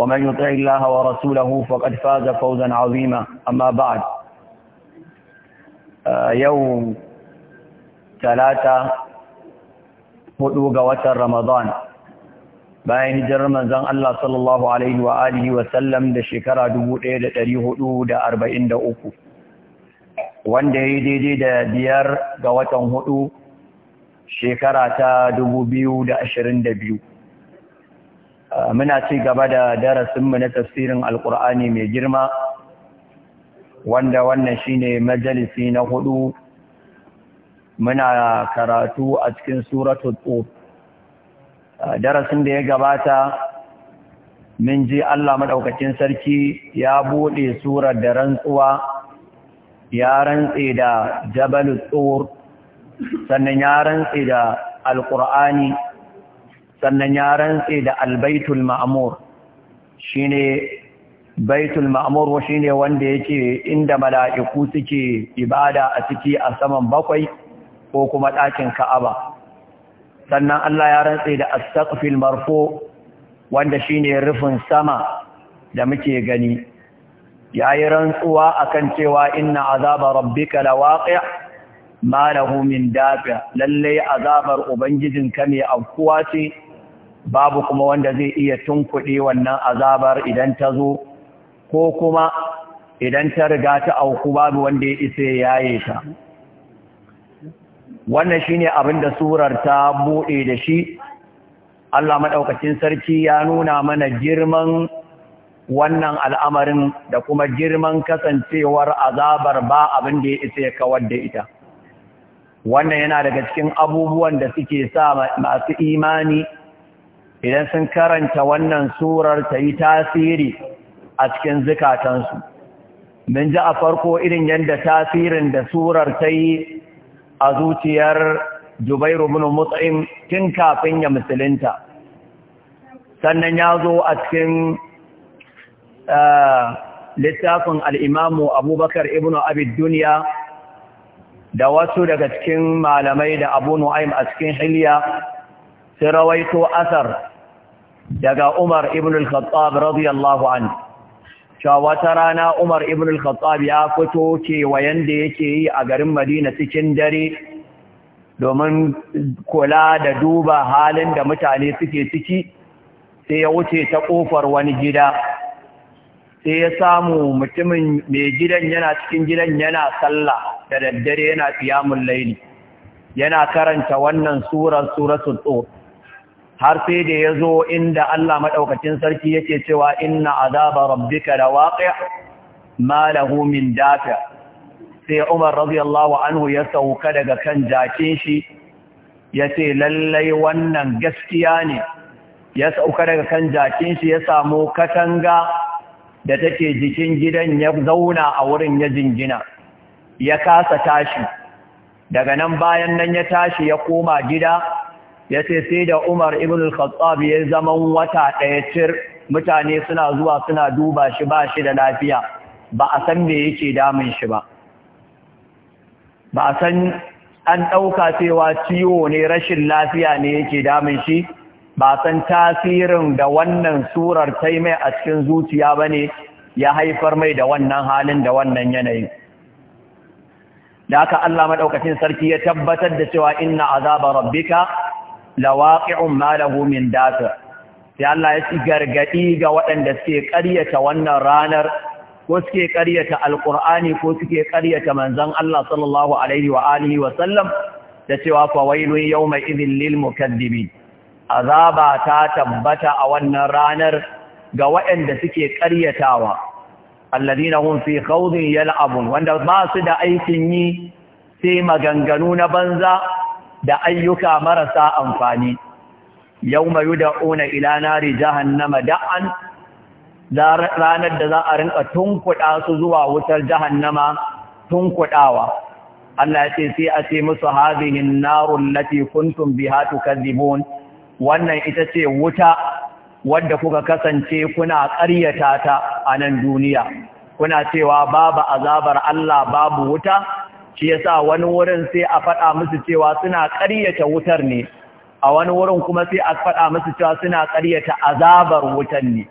ومن يطع الله ورسوله فقد فاز فوزا عظيما أما بعد يوم ثلاثة هدوغ وتر رمضان bayan hijirar manzon Allah sallallahu alaihi wa alihi wa sallam da shekara 1443 wanda yayi daidai da biyar ga watan hudu shekara ta 2022 muna ci gaba da darasinmu na tafsirin alkur'ani mai girma wanda wannan shine majalisi na hudu muna karatu a cikin suratul qur darasin da ya gabata min ji Allah madaukakin sarki ya bude surar da rantsuwa ya rantse da jabalul qur sannan ya rantse da alkur'ani sannan ya rantse da albaitul ma'amur ne baitul ma'amur shine wanda yake inda mala'iku suke ibada a ciki a saman bakwai ko kuma ɗakin ka'aba sannan Allah ya rantse da as marfu wanda shine rufin sama da muke gani yayi rantsuwa akan cewa inna azaba rabbika lawaqi' ma lahu min dafi lalle azabar ubangijinka mai afkuwa ce babu kuma wanda zai iya tunkuɗe wannan azabar idan ta zo ko kuma idan ta riga ta auku babu wanda ya isa yaye ta wannan shine abin da surar ta buɗe da shi Allah maɗaukacin sarki ya nuna mana girman wannan al'amarin da kuma girman kasancewar azabar ba abin da ya isa ya kawar da ita wannan yana daga cikin abubuwan da suke sa masu imani idan sun karanta wannan surar ta yi tasiri a cikin zukatansu mun ji a farko irin yadda tasirin da surar ta yi a zuciyar Jubairu bin Mut'im tun kafin ya musulinta. sannan ya zo a cikin eh, littafin al'imamu abubakar ibn abid duniya da wasu daga cikin malamai da abu nu'aim a cikin hiliya su rawaito asar daga Umar ibn al-Khattab radiyallahu anhu cewa wata rana Umar ibn al-Khattab ya fito ce wa yanda yake yi a garin Madina cikin dare domin kula da duba halin da mutane suke ciki sai ya wuce ta kofar wani gida sai ya samu mutumin mai gidan yana cikin gidan yana sallah da daddare yana qiyamul layli yana karanta wannan surar suratul tur har sai da ya zo inda Allah maɗaukacin sarki yake cewa inna azaba rabbika da ma lahu min dafi sai Umar radiyallahu anhu ya sauka daga kan jakin shi ya ce lallai wannan gaskiya ne ya sauka daga kan jakin shi ya samu katanga da take jikin gidan ya zauna a wurin ya jingina ya kasa tashi daga nan bayan nan ya tashi ya koma gida ya ce sai da umar ibn al-khattab ya zaman wata ɗaya cir mutane suna zuwa suna duba shi ba shi da lafiya ba a san me yake damun shi ba ba a san an ɗauka cewa ciwo ne rashin lafiya ne yake damun shi ba san tasirin da wannan surar ta mai a cikin zuciya ba ne ya haifar mai da wannan halin da wannan yanayin da aka Allah maɗaukacin sarki ya tabbatar da cewa inna azaba rabbika lawaƙi'un ma da min dafa, sai Allah ya ci gargaɗi ga waɗanda suke ƙaryata wannan ranar ko suke ƙaryata Alƙur'ani, ko suke ƙaryata manzon Allah sallallahu alaihi da cewa fa yau mai idhil lil mukaththibin azaba ta tabbata a wannan ranar ga waɗanda suke ƙaryatawa alladhina hum fi khawdin yal'abun wanda ba su da aikin yi sai maganganu na banza da ayyuka marasa amfani yau yud'una ila nari jahannama da'an ranar da za a rinka tunkuɗa su zuwa wutar jahannama tunkuɗawa Allah ya ce sai a ce musu hadhihin narun lati kuntum biha tukadzibun wannan ita ce wuta wadda kuka kasance kuna ƙaryata ta a nan duniya kuna cewa babu azabar Allah babu wuta shi yasa wani wurin sai a faɗa musu cewa suna ƙaryata wutar ne a wani wurin kuma sai a faɗa musu cewa suna ƙaryata azabar wutar ne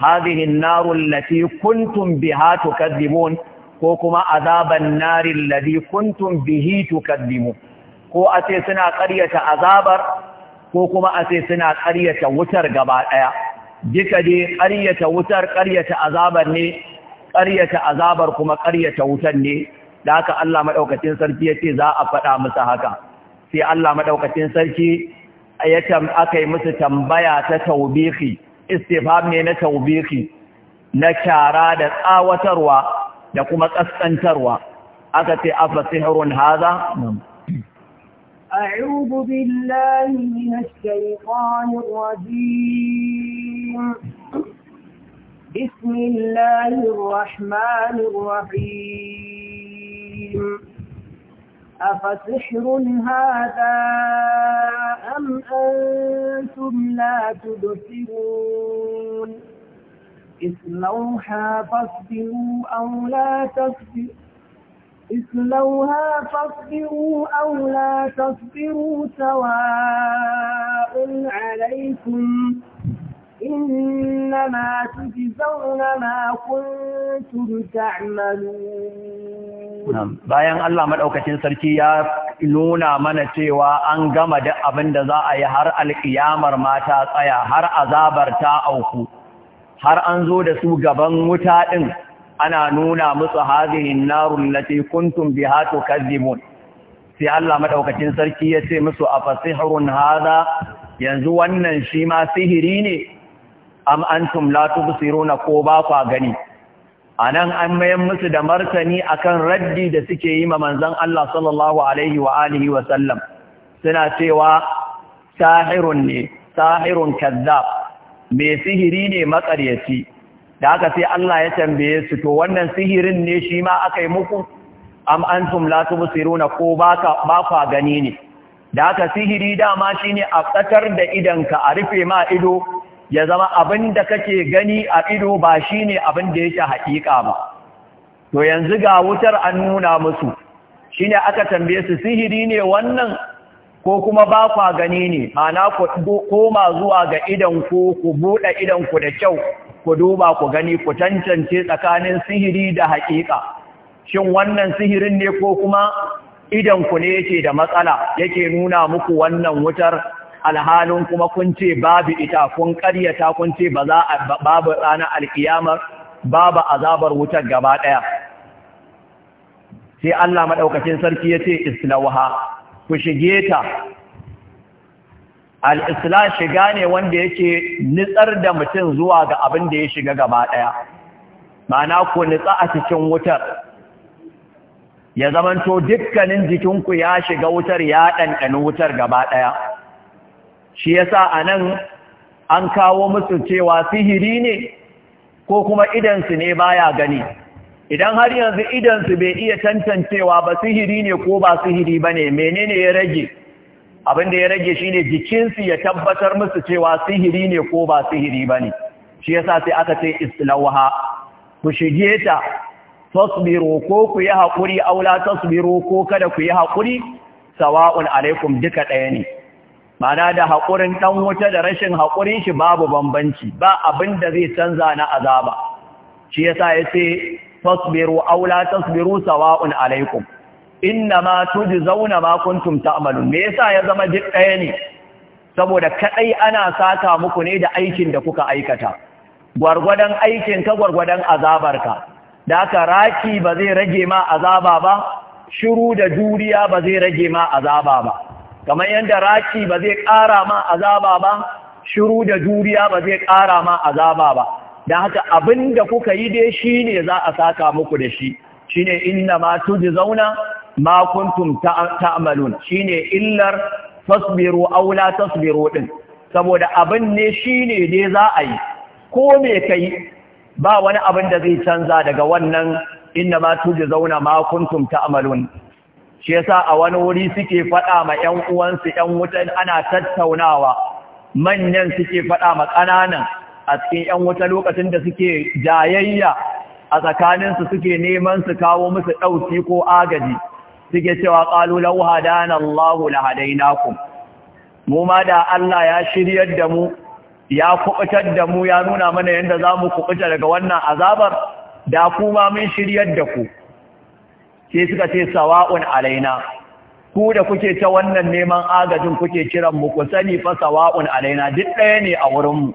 hadhihi an-naru allati kuntum biha tukadzibun ko kuma azaban nari allati kuntum bihi tukadzibun ko a ce suna ƙaryata azabar ko kuma a ce suna ƙaryata wutar gaba ɗaya duka dai ƙaryata wutar ƙaryata azabar ne ƙaryata azabar kuma ƙaryata wutar ne da haka Allah madaukakin sarki yace za a faɗa musu haka sai Allah madaukakin sarki ya akai musu tambaya ta tawbihi istifham ne na tawbihi na kyara da tsawatarwa da kuma kaskantarwa aka ce afa sihrun hadha أعوذ بالله من الشيطان الرجيم بسم الله الرحمن الرحيم الرجيم أفسحر هذا أم أنتم لا تبصرون اسلوها فاصبروا أو لا تصبروا اسلوها فاصبروا أو لا تصبروا سواء عليكم إنما تجزون ما كنتم تعملون bayan Allah madaukakin sarki ya nuna mana cewa an gama da abin da za a yi har alkiyamar mata tsaya har azabar ta auku har an zo da su gaban wuta din ana nuna musu hazihin narun lati kuntum biha tukazzibun sai Allah madaukakin sarki ya ce musu a fasihurun haza, yanzu wannan shi ma sihiri ne am antum la tubsiruna ko ba ku gani anan an mayan musu da martani akan raddi da suke yi ma manzon Allah sallallahu alaihi wa alihi wa sallam suna cewa sahirun ne sahirun kazzab mai sihiri ne makaryaci da aka sai Allah ya tambaye su to wannan sihirin ne shi ma aka yi muku am antum la tubsiruna ko ba ku gani ne da aka sihiri dama shine a tsakar da idanka a rufe ma ido ya zama abin da kake gani a ido ba shi ne abin da yake haƙiƙa ba to yanzu ga wutar an nuna musu shi ne aka tambaye su sihiri ne wannan ko kuma ba kwa gani ne ana koma zuwa ga idon ku ku buɗe ku da kyau ku duba ku gani ku tantance tsakanin sihiri da haƙiƙa shin wannan sihirin ne ko kuma ku ne yake da matsala yake nuna muku wannan wutar alhalin kuma kun ce babu ita kun karyata kun ce ba za a babu ranar alkiyamar babu azabar wutar gaba ɗaya sai Allah maɗaukacin sarki ya ce islawaha ku shige ta al'isla shiga ne wanda yake nitsar da mutum zuwa ga abin da ya shiga gaba ɗaya mana ku nitsa a cikin wutar ya zamanto dukkanin jikinku ya shiga wutar ya ɗanɗani wutar gaba ɗaya shi yasa nan an kawo musu cewa sihiri ne ko kuma idansu ne baya gani idan har yanzu idansu bai iya tantancewa ba sihiri ne ko ba sihiri ba ne menene ya rage abinda ya rage shi ne jikinsu ya tabbatar musu cewa sihiri ne ko ba sihiri ba ne shi yasa sai aka ce islauha ku shige ta tasbiru ko ku yi haƙuri aula tasbiru ko kada ku yi haƙuri sawa'un alaikum duka ɗaya ne mana da haƙurin ɗan wuta da rashin haƙurin shi babu bambanci ba abin da zai canza na azaba shi yasa ya ce tasbiru aula tasbiru sawa'un alaikum inna ma tujzauna ma kuntum ta'malun me yasa ya zama duk ɗaya ne saboda kaɗai ana saka muku ne da aikin da kuka aikata gwargwadon aikin ka gwargwadon azabarka da ka raki ba zai rage ma azaba ba shiru da juriya ba zai rage ma azaba ba kamar yadda raki ba zai ƙara ma azaba ba shiru da juriya ba zai ƙara ma azaba ba da haka abin da kuka yi dai shi ne za a saka muku da shi shi ne inna ma tuji zauna ma kuntum ta'amalun shi ne illar tasbiru aula tasbiru ɗin saboda abin ne shi ne dai za a yi ko me ka yi? ba wani abin da zai canza daga wannan inna ma tuji zauna ma kuntum ta'amalun shi yasa a wani wuri suke faɗa ma ƴan uwansu ƴan wutan ana tattaunawa manyan suke faɗa ma ƙananan a cikin ƴan wuta lokacin da suke jayayya a tsakaninsu suke neman su kawo musu ɗauki ko agaji suke cewa qalu lau hadana Allahu la hadainakum mu ma da Allah ya shiryar da mu ya kubutar da mu ya nuna mana yadda za mu kubuta daga wannan azabar da kuma mun shiryar da ku sai suka ce sawa'un alaina ku da kuke ta wannan neman agajin kuke kiran mu ku sani fa sawa'un alaina duk ɗaya ne a wurin mu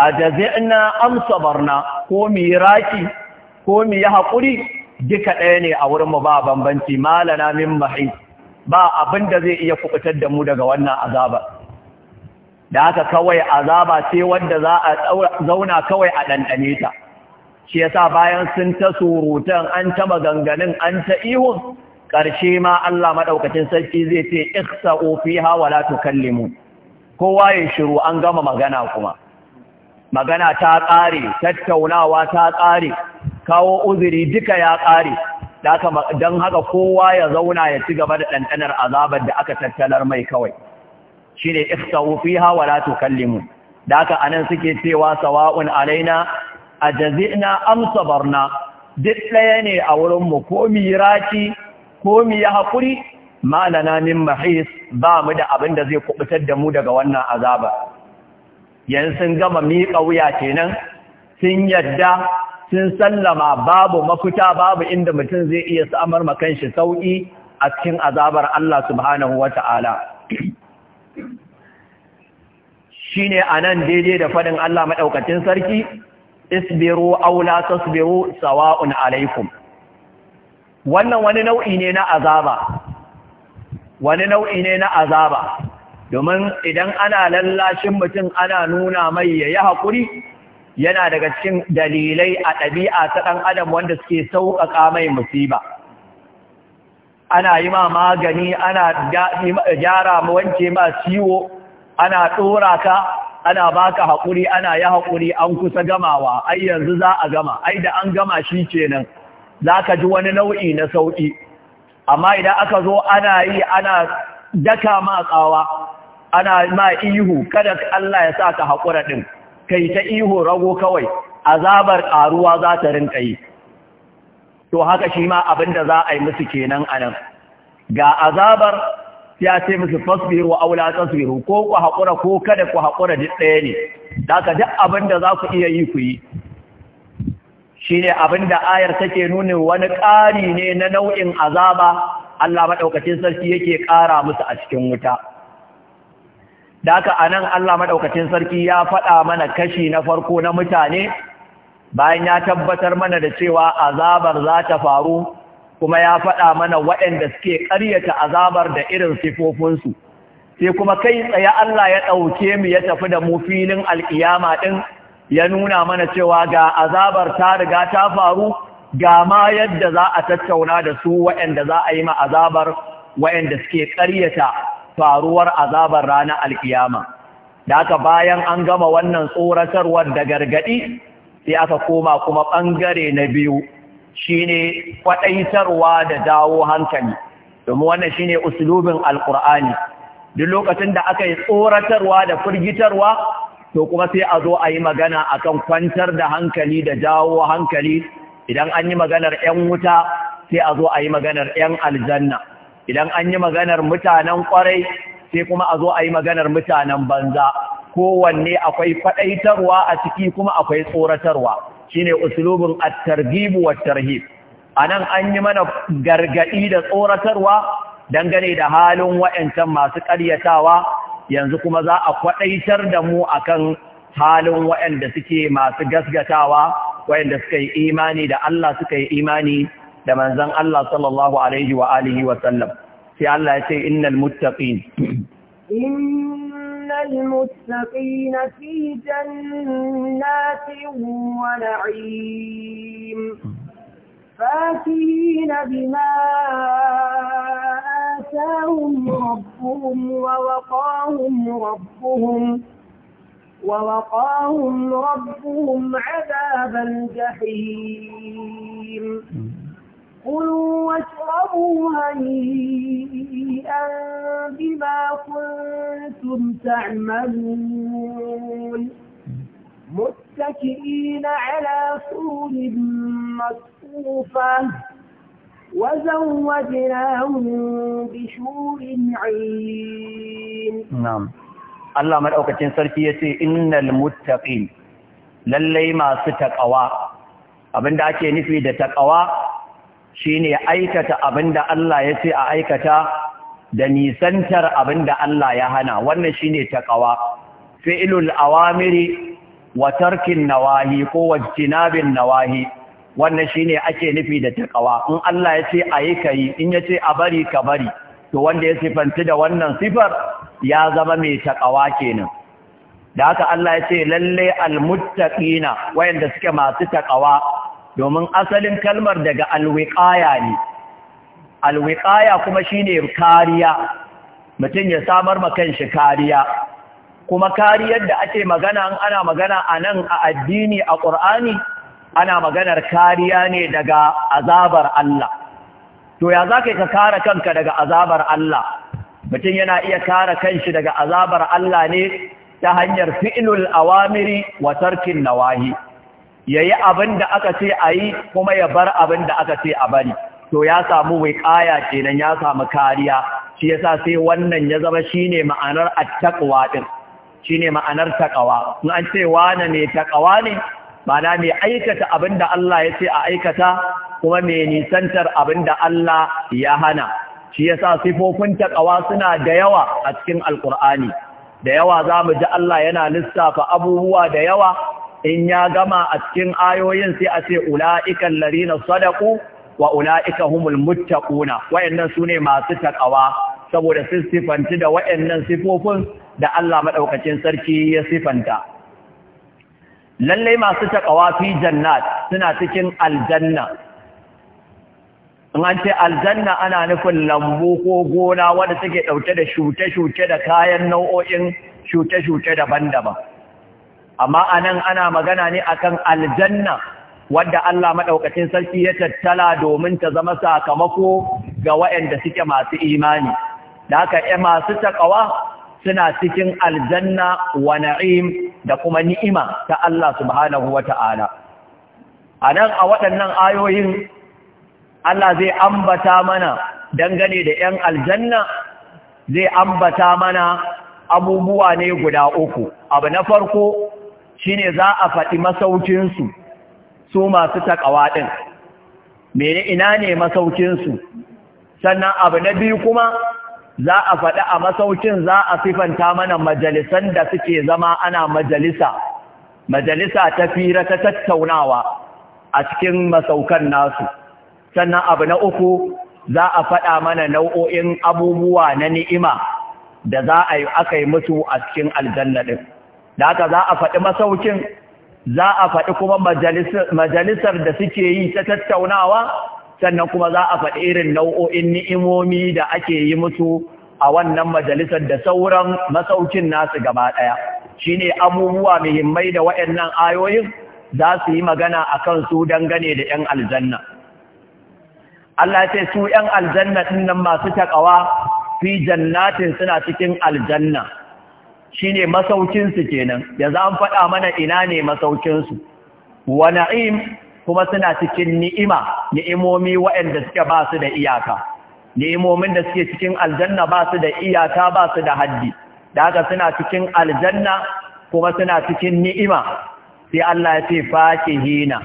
ajazina am sabarna ko mi raki ko mi ya hakuri duka ɗaya ne a wurin mu ba bambanci malana min mahi ba abin da zai iya kubutar da mu daga wannan azaba da haka kawai azaba ce wanda za a zauna kawai a ɗanɗane ta shi yasa bayan sun ta surutan an ta maganganun an ta ihun ƙarshe ma Allah maɗaukacin sarki zai ce iksa'u fiha wala tukallimu kowa ya shiru an gama magana kuma magana ta ƙare tattaunawa ta ƙare kawo uzuri duka ya ƙare Dan haka kowa ya zauna ya ci gaba da ɗanɗanar azabar da aka tattalar mai kawai shi ne iftau fiha wala tukallimu da haka anan suke cewa sawa'un alaina a jazina amsa barna duk ɗaya ne a wurinmu ko mu yi raki ko mu yi haƙuri malana min mahis ba mu da abin da zai kubutar da mu daga wannan azaba Yanzu sun gama miƙa wuya kenan sun yadda sun sallama babu mafita babu inda mutum zai iya samar ma shi sauƙi a cikin azabar Allah subhanahu wa ta'ala. wata'ala shine nan daidai da faɗin Allah maɗaukacin sarki isbiru aw la tasbiru sawa'un alaikum wannan wani nau'i ne na azaba wani nau'i ne na azaba domin idan ana lallashin mutum ana nuna mai yayi hakuri yana daga cikin dalilai a ɗabi'a ta ɗan adam wanda suke sauƙaƙa mai musiba ana yi ma magani ana gyara mu wanke ma ciwo ana ɗora ka ana baka haƙuri ana ya haƙuri an kusa gamawa ai yanzu za a gama ai da an gama shi kenan za ka ji wani nau'i na sauƙi amma idan aka zo ana yi ana daka ma tsawa ana ma ihu kada Allah ya sa ka haƙura ɗin kai ta ihu rago kawai azabar ƙaruwa za ta rinƙa yi to haka shi ma abin da za a yi musu kenan anan, ga azabar sai ce musu fasbiru wa aula tasbiru ko ku haƙura ko kada ku haƙura duk ɗaya ne daga duk abin da za ku iya yi ku yi Shi ne abin da ayar take nuna wani ƙari ne na nau'in azaba Allah maɗaukacin sarki yake ƙara musu a cikin wuta a nan Allah maɗaukacin sarki ya faɗa mana kashi na farko na mutane bayan ya tabbatar mana da cewa azabar za ta faru kuma ya faɗa mana waɗanda suke ƙaryata azabar da irin sifofinsu sai kuma kai tsaye Allah ya ɗauke mu ya tafi da mu filin alƙiyama ɗin ya nuna mana cewa ga azabar ta riga ta faru ga ma yadda za a tattauna da su waɗanda za a yi ma azabar waɗanda suke ƙaryata faruwar azabar ranar alƙiyama da aka bayan an gama wannan tsoratarwar da gargaɗi sai aka koma kuma ɓangare na biyu Shi shine kwadaitarwa da dawo hankali domin wannan shi ne uslubin alƙur'ani duk lokacin da aka yi tsoratarwa da firgitarwa to kuma sai a zo a yi magana a kan kwantar da hankali da dawo hankali idan an yi maganar 'yan wuta sai a zo a yi maganar 'yan aljanna idan an yi maganar mutanen kwarai sai kuma a zo a yi maganar mutanen banza kowanne akwai faɗaitarwa a ciki kuma akwai tsoratarwa shine uslubin at-targhib wa tarhib anan an yi mana gargadi da tsoratarwa dangane da halin wayancan masu ƙaryatawa yanzu kuma za a kwadaitar da mu akan halin wayanda suke masu gasgatawa wayanda suka yi imani da Allah suka yi imani da manzon Allah sallallahu alaihi wa alihi wa sallam sai Allah ya ce innal muttaqin إن المتقين في جنات ونعيم فاكين بما آتاهم ربهم ووقاهم ربهم ووقاهم ربهم عذاب الجحيم كلوا واشربوا هنيئا بما كنتم تعملون متكئين على سور مصفوفة وزوجناهم بشور عين نعم الله مدعوكتين سركية إن المتقين للي ما ستقوا abinda ake nufi da takawa shine aikata abinda Allah ya ce a aikata da nisantar abinda Allah ya hana wannan shine taqwa fi'lul awamiri wa tarkin nawahi ko wajtinabin nawahi wannan shine ake nufi da taqwa in Allah ya ce ayi kayi, in ya ce a bari ka bari to wanda ya sifanci da wannan sifar ya zama mai taqwa kenan da haka Allah ya ce lalle almuttaqina wayanda suke masu taqwa domin asalin kalmar daga alwiƙaya ne alwiƙaya kuma shine kariya mutum ya samar ma kanshi kariya kuma kariyar da ake magana ana magana a nan a addini a ƙur'ani ana maganar kariya ne daga azabar Allah to ya za ka kare kanka daga azabar Allah mutum yana iya kare kanshi daga azabar Allah ne ta hanyar fi'ilul awamiri wa tarkin nawahi ya yi abin da aka ce a yi kuma ya bar abin da aka ce a bari to ya samu wiƙaya kenan ya samu kariya shi yasa sai wannan ya zama shine ma'anar attaqwa din shine ma'anar taqwa in an ce wane ne taqwa ne Bana mai aikata abin da Allah ya ce a aikata kuma mai nisantar abin da Allah ya hana shi yasa sifofin taqwa suna da yawa a cikin alqur'ani da yawa za mu ji Allah yana lissafa abubuwa da yawa in ya gama a cikin ayoyin sai a ce ula'ikan larina sadaku wa ula'ika humul muttaquna wayannan sune masu takawa saboda sun sifanci da wayannan sifofin da Allah madaukakin sarki ya sifanta lalle masu takawa fi jannat suna cikin aljanna in an ce aljanna ana nufin lambu ko gona wanda take ɗauke da shuke-shuke da kayan nau'o'in shuke-shuke daban-daban amma anan ana magana ne akan aljanna wadda Allah madaukakin sarki ya tattala domin ta zama sakamako ga waɗanda suke masu imani da haka e masu takawa suna cikin aljanna wa na'im da kuma ni'ima ta Allah subhanahu wata'ala anan a waɗannan ayoyin Allah zai ambata mana dangane da 'yan aljanna zai ambata mana abubuwa ne guda uku abu na farko shine za a faɗi masaukinsu su masu taƙawa ɗin mene ina ne masaukinsu sannan abu na biyu kuma za a faɗi a masaukin za a sifanta mana majalisan da suke zama ana majalisa majalisa ta fira ta tattaunawa a cikin masaukan nasu sannan abu na uku za a faɗa mana nau'o'in abubuwa na ni'ima da za a yi aka yi mutu a cikin aljanna ɗin da haka za a faɗi masaukin za a faɗi kuma majalisar da suke yi ta tattaunawa sannan kuma za a faɗi irin nau'o'in ni'imomi da ake yi musu a wannan majalisar da sauran masaukin nasu gaba ɗaya shi ne abubuwa muhimmai da waɗannan ayoyin za su yi magana a kan su dangane da ‘yan aljanna Allah ce su ‘yan aljanna ɗin nan masu taƙawa fi jannatin suna cikin aljanna Shi shine masaukinsu kenan yanzu an faɗa mana ina ne masaukinsu wa na'im kuma suna cikin ni'ima ni'imomi waɗanda suke ba su da iyaka ni'imomin da suke cikin aljanna ba su da iyaka ba su da haddi da haka suna cikin aljanna kuma suna cikin ni'ima sai Allah ya ce fakihina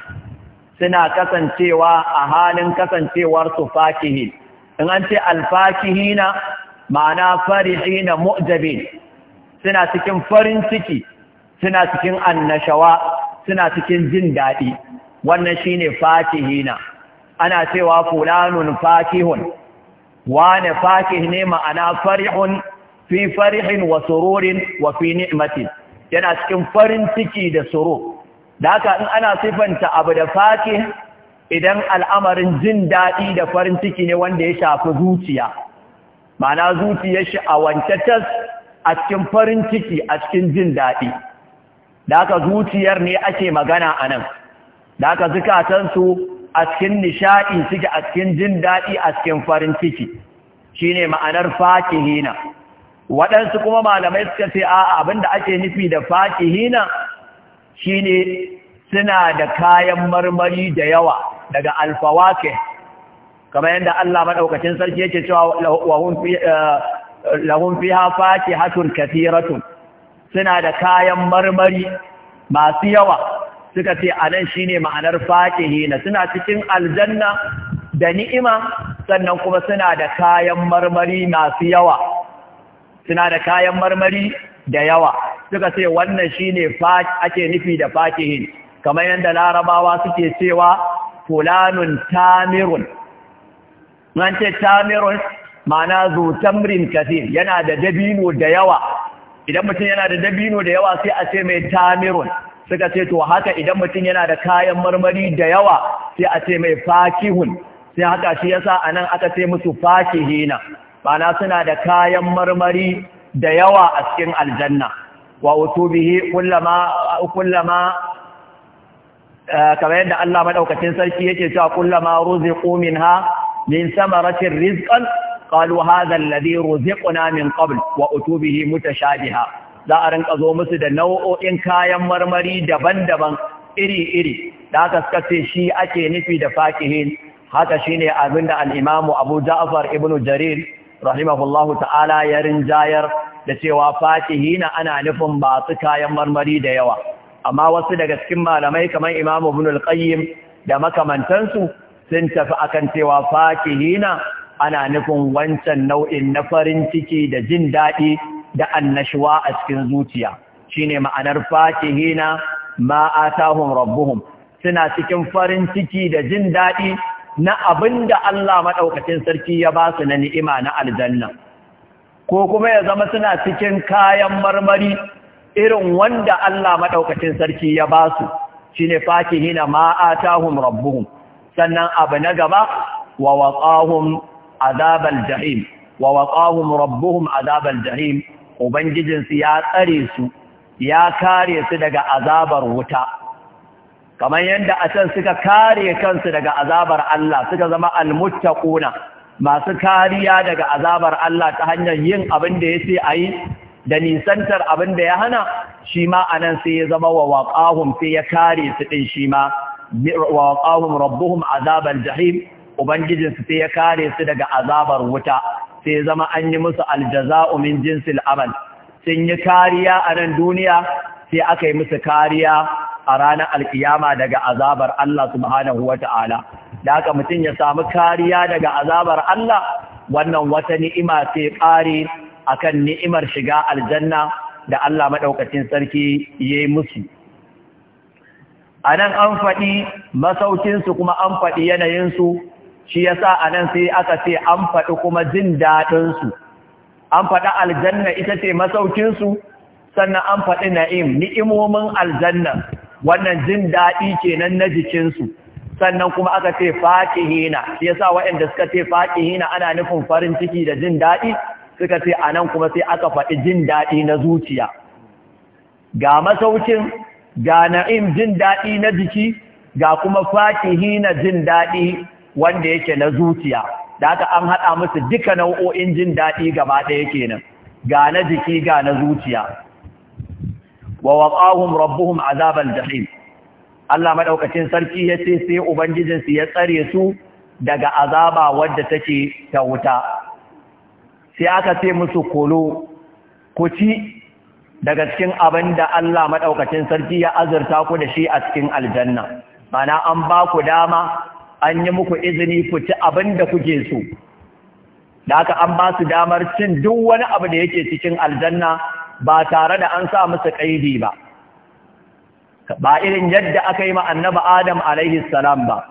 suna kasancewa a halin kasancewar su fakihin in an ce alfakihina ma'ana farihina mu'jabin suna cikin farin ciki suna cikin annashawa suna cikin jin daɗi wannan shine fakihina ana cewa fulanun fakihun wane fatih ne ma'ana farihun fi farihin wa sururin wa fi ni'matin yana cikin farin ciki da suru da haka in ana sifanta abu da fatih idan al'amarin jin daɗi da farin ciki ne wanda ya shafi zuciya ma'ana zuciyar shi a wancatas a cikin farin ciki a cikin jin daɗi da aka zuciyar ne ake magana a nan da aka zukatansu a cikin nishaɗi suke a cikin jin daɗi a cikin farin ciki shi ne ma'anar fakihina waɗansu kuma malamai suka ce a da ake nufi da fakihina shi ne suna da kayan marmari da yawa daga alfawake kamar yadda Allah maɗaukacin sarki yake cewa wa lahum fiha fatihatun kathiratun suna da kayan marmari masu yawa suka ce anan shine ma'anar fakihina suna cikin aljanna da ni'ima sannan kuma suna da kayan marmari masu yawa suna da kayan marmari da yawa suka ce wannan shine ake nufi da fakihin. kamar yadda larabawa suke cewa fulanun tamirun nan ce tamirun ma'ana zo tamrin kasir yana da dabino da yawa idan mutum yana da dabino da yawa sai a ce mai tamirun suka ce to haka idan mutum yana da kayan marmari da yawa sai a ce mai fakihun sai haka shi yasa anan aka ce musu fakihina ma'ana suna da kayan marmari da yawa a cikin aljanna wa utubihi kullama kullama eh, kamar yadda Allah madaukakin sarki yake cewa kullama ruziqu minha min samaratir rizqan qalu hadha alladhi ruziqna min qabl wa utubihi mutashabiha za a rinka zo musu da nau'o'in kayan marmari daban-daban iri-iri da aka suka ce shi ake nufi da fakihin haka shine abinda al'imamu imamu Abu Ja'far ibn Jarir rahimahullahu ta'ala ya rinjayar da cewa fakihina ana nufin masu kayan marmari da yawa amma wasu daga cikin malamai kamar Imam Ibn al-Qayyim da makamantansu sun tafi akan cewa fakihina ana nufin wancan nau'in na farin ciki da jin daɗi da annashuwa a cikin zuciya shine ma'anar fatihina ma atahum rabbuhum suna cikin farin ciki da jin daɗi na abin da Allah maɗaukacin sarki ya ba su na ni'ima na aljanna ko kuma ya zama suna cikin kayan marmari irin wanda Allah maɗaukacin sarki ya ba su shi ne fakihina ma atahum rabbuhum sannan abu na gaba wa waqahum azabal jahim wa waqahum rabbuhum azabal jahim ubangijinsu ya tsare su ya kare su daga azabar wuta kamar yadda a can suka kare kansu daga azabar Allah suka zama almuttaquna masu kariya daga azabar Allah ta hanyar yin abin da a yi, da nisantar abin da ya hana shi ma anan sai ya zama wa waqahum sai ya kare su din shi ma wa waqahum rabbuhum azabal jahim ubangijinsu sai ya kare su daga azabar wuta sai zama an yi musu aljaza'u min jinsil amal sun yi kariya a nan duniya sai aka yi musu kariya a ranar alkiyama daga azabar Allah subhanahu Ta'ala). da haka mutum ya samu kariya daga azabar Allah wannan wata ni'ima sai kare a kan ni'imar shiga aljanna da Allah maɗaukacin sarki yayi musu A nan an faɗi masaukinsu kuma an faɗi yanayinsu shi yasa nan sai aka ce an faɗi kuma jin daɗinsu. an faɗi aljanna ita ce masaukinsu su sannan an faɗi na'im ni'imomin aljanna wannan jin daɗi kenan na jikinsu sannan kuma aka ce hina shi yasa waɗanda suka ce hina ana nufin farin ciki da jin daɗi suka ce a nan kuma sai aka faɗi jin daɗi na zuciya ga masaukin ga na'im jin daɗi na jiki ga kuma hina jin daɗi wanda yake na zuciya da aka an haɗa musu duka nau'o'in jin daɗi gaba ɗaya kenan ga na jiki ga na zuciya wa waqahum rabbuhum azabal jahim Allah madaukakin sarki ya ce sai ubangijin su ya tsare su daga azaba wadda take ta wuta sai aka ce musu kolo ku ci daga cikin abinda Allah maɗaukacin sarki ya azurta ku da shi a cikin aljanna mana an ba ku dama an yi muku izini ku ci abin da kuke so da aka an ba su damar cin duk wani abu da yake cikin aljanna ba tare da an sa musu kaidi ba ba irin yadda aka yi ma annabi adam alaihi salam ba